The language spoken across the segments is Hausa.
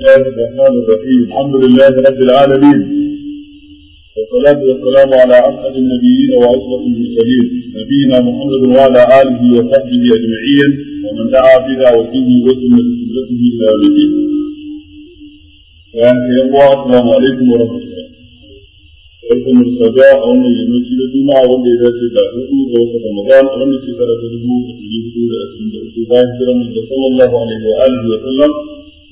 الله الرحمن الرحيم الحمد لله رب العالمين والصلاة والسلام على أسعد النبيين وأشرف المرسلين نبينا محمد وعلى آله وصحبه أجمعين ومن دعا بدعوته وسنة سنته إلى يوم الدين. السلام عليكم ورحمة الله. barkan mu sada a wannan yammaci na juma'a wanda ya dace da hudu ga wata ramadan a wannan shekara ta dubu da ɗari hudu da ashirin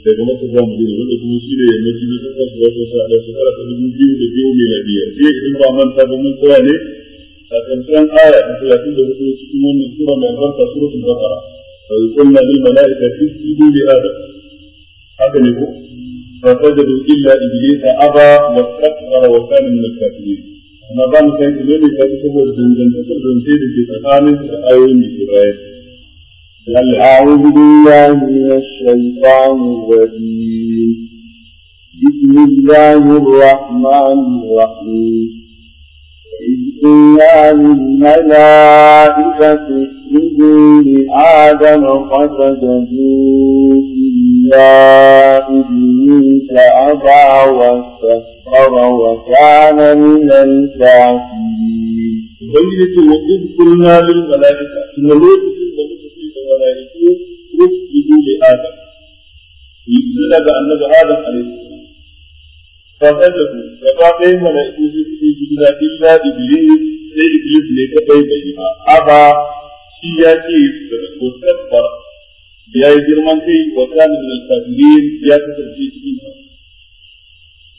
daga masar za mu je wanda kuma shi ne na sun wasu wasu sa da biyu da biyu sai ba ne a kankan aya talatin da hudu cikin wannan sura mai albarka adam haka ne ko fa illa aba wa takbara wa kana min al-kafirin amma ba mu ne ne ka saboda dangantakar da ke tsakanin da ayoyin da ke قل أعوذ بالله من الشيطان الرجيم بسم الله الرحمن الرحيم وإذ قلنا للملائكة اسجدوا لآدم فسجدوا إلا إبليس أبى واستكبر وكان من الكافرين. وإذ قلنا للملائكة illa ga annabi adam alaihi salam fa kallafu gaba ɗaya mala'iku sai su yi gida illa iblis sai iblis ne kadai bai yi ba aba shi ya ce wasakbar ya yi girman kai wa kana min al-kafirin ya kasance cikin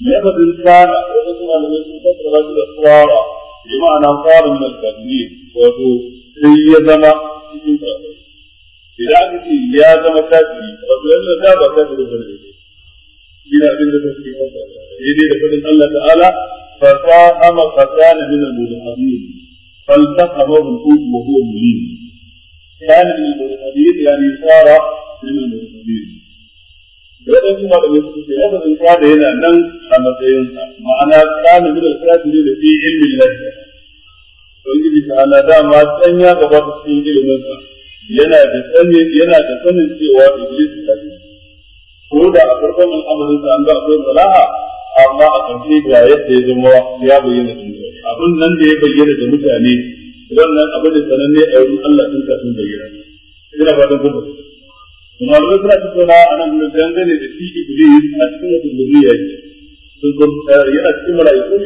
ne ba din kana wanda kuma ne sun tabbata da tsara bi ma'ana fara min al-kafirin wato sai ya zama cikin kafir idan aka ya zama kafiri wato yana da ba kafiri ba ne shi na abin da suke kanta daidai da fadin Allah ta'ala fa sa'ama qatana min al-muhamminin فالتقمه الحوت وهو مليم كان من المرسلين يعني صار من المرسلين wadan kuma da wasu suke yaba zan kada yana nan a matsayinsa ma'ana kana min al-kafiri da fi ilmin lafiya to yi dama san ya gaba cikin ilimin sa yana da sanin yana da cewa iblis ta ce. ko da a farkon al'amarin sa an ga akwai salaha amma a ƙarshe ga yadda ya zama ya bayyana da mutane abin nan da ya bayyana da mutane wannan abin da sananne a wurin Allah din ka sun bayyana ina ba da gudu kuma ruwa ta tattauna a nan da dangane da shi iblis a cikin wata zuriya ce sun eh, yana cikin mala'iku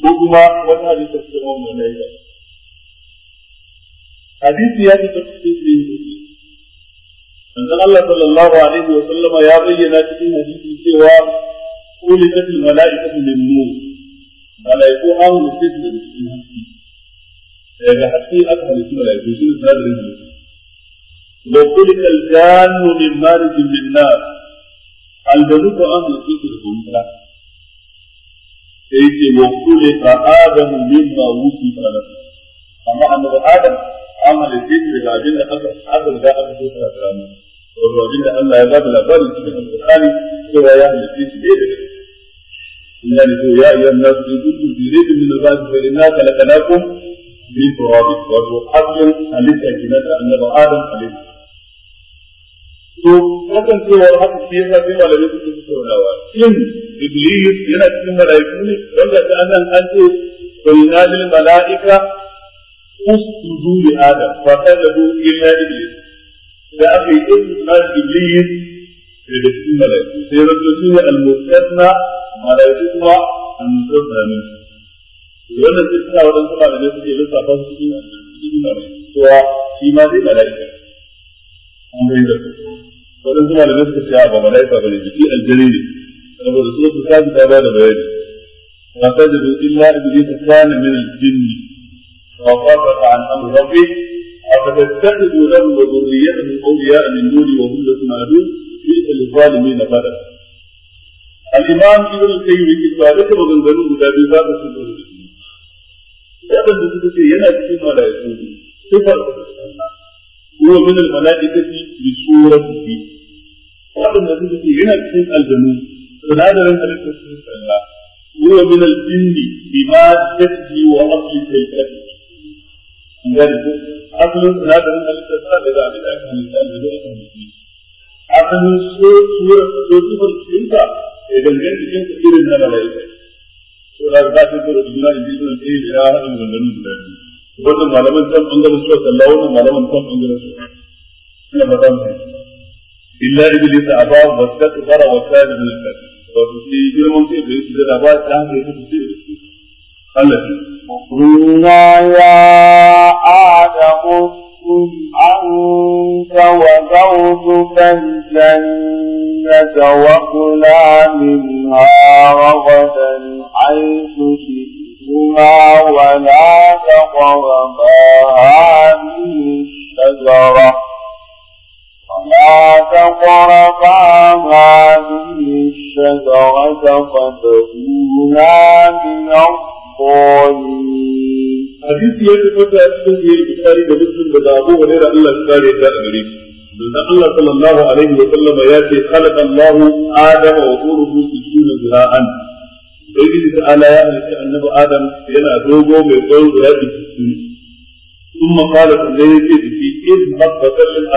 ko kuma wani hadisi cikin wannan ne hadisi ya fita cikin sahih muslim manzon Allah sallallahu alaihi wa ya bayyana cikin hadisi cewa kulli tatil malaikatu lin nur malaiku an musid da cikin haske daga haske aka halittu malaiku shi ne sadarin haske wa kulli aljannu min marijin min an halittu da ce wa ka amma عمل الدين بالعجلة أكثر حقا جاء بسوطة الأسلام والرجل الله يا باب الأبال الشيخ البخاري هو يعمل في سبيله إن لكم يا أيها الناس إن كنتم في ريب من الباب فإنا خلقناكم من تراب وهو حق عليك أن النبى آدم عليه وكان في ورقة فيها في ولم يكن في سورة إن إبليس ينأت من ملايكوني ولد أنا أنت قلنا للملائكة اسجدوا لآدم فسجدوا إلا إبليس da aka yi istisnar iblis daga cikin malaiku sai zato shi ne al-mustasna malaiku kuma al-mustasna ne wannan istisna wadan kuma da nake yi lissafa su cikin cikin malaiku kowa shi ma zai malaika an bai da wadan kuma da nake cewa ba malaika bane jiki aljari ne saboda su su sabi ta ba da bayani fa sajadu illa iblis kana min al-jinni وقفت عن امر ربي افتتخذوا له وذريته اولياء من دوني وهم لكم عدو تلك الظالمين بدلا الامام ابن القيم في صادق وغنزلوه ذا بذاك الشكر لكن بسكتي ينا كما لا يكون صفر هو من الملائكة بسورة في لكن بسكتي ينا كما من فنادى لن تلك الله هو من الجن بمادته وأصل كيفته yarju asalin sinadarin halittar sa da za a da aka halitta da zuwa kan jiki asalin da na mala'ika da za ta juna tsaye da ya haɗa guda biyu wannan malaman ɓangaren suwa sallah wannan malaman ɓangaren suwa ina ba za mu yi illa iblis wa wa girman kai da yake da ba ta ta Allah قلنا يا آدم اسكن أنت وزوجك الجنة وكلا منها رغدا حيث شئتما ولا تقربا هذه الشجرة ولا تقربا هذه الشجرة فتكونا من الظالمين طاهين حديث يتفتى أسفل في البخاري ومسلم بدأبو ولير الله Allah sallallahu alaihi wa الله ya ce, عليه وسلم ياتي wa الله ta ala ya annabi Adam yana dogo mai tsawon guda ya ce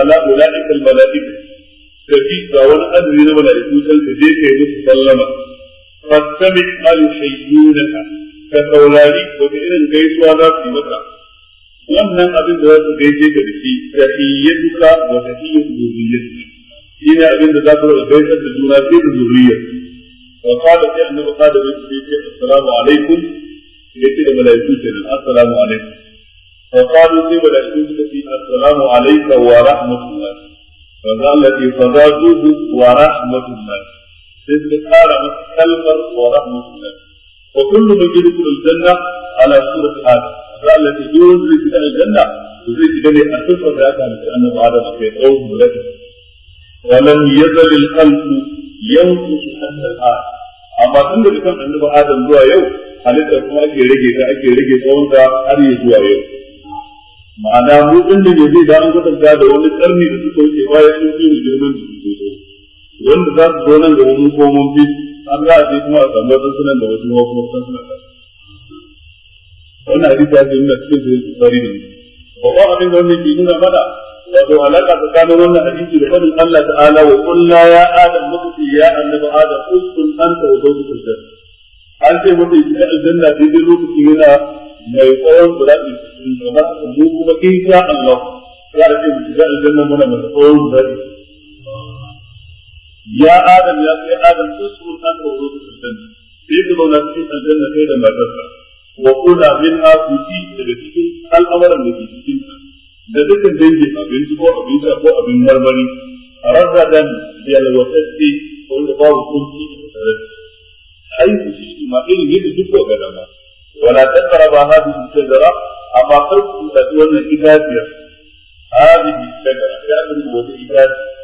ala ula'ika al-mala'ika da wani adadi na mala'iku san ka je musu sallama fasami al-shayyunaka ka saurari wata irin gaisuwa za su yi maka wannan abin da za su gaishe ka da shi tahiyyatuka wa tahiyyatu zurriyyatuka shine abin da za ku gaisar da juna sai da zurriyyar wa qala sai annabi qala bi sai ce assalamu alaikum yace da malaiku kenan assalamu alaikum wa qalu sai malaiku suka ce assalamu alayka wa rahmatullah fa zalla fi fadaduhu wa rahmatullah sai suka kara masa kalmar wa rahmatullah wa kullu man yadkhulu al-janna ala surati adam da Allah ya yi wanda zai shiga zai shiga ne a sufar da aka halitta annabi adam kai tsawon mulki walam yazal al-qalbu yanqusu hatta al-an amma tun daga kan annabi adam zuwa yau halittar kuma ake rage ta ake rage tsawon ta har ya zuwa yau ma'ana mu din da yanzu da an kwatanta da wani karni da suka wuce baya sun fi mu girman da su wanda za su zo nan da mun komo bisu an za a je kuma a samu wasu sunan da wasu wasu wasu suna kasa. wannan hadisi ya ce nuna cikin sai su sari da babban abin da wannan ke nuna mana wato alaka tsakanin wannan hadisi da fadin Allah ta'ala wa kullu ya adam mutu ya annabi adam uskun anta wa zawjuka janna an ce mutu ya aljanna daidai lokacin yana mai tsawon zurafi cikin gaba mu kuma insha Allah za a ce mu shiga aljanna muna mai tsawon zurafi ya adam ya kai adam su su an ko zo su san sai ku zauna cikin aljanna kai da matarsa wa kula min afuti daga al'amuran da ke da dukkan dangin abinci ko abin ko abin marmari razadan yalwatatti wanda babu kunci da sarari haihu shi ma irin yadda duk ko gada ma wala taqraba hadhihi shajara amma kar ku tafi wannan ya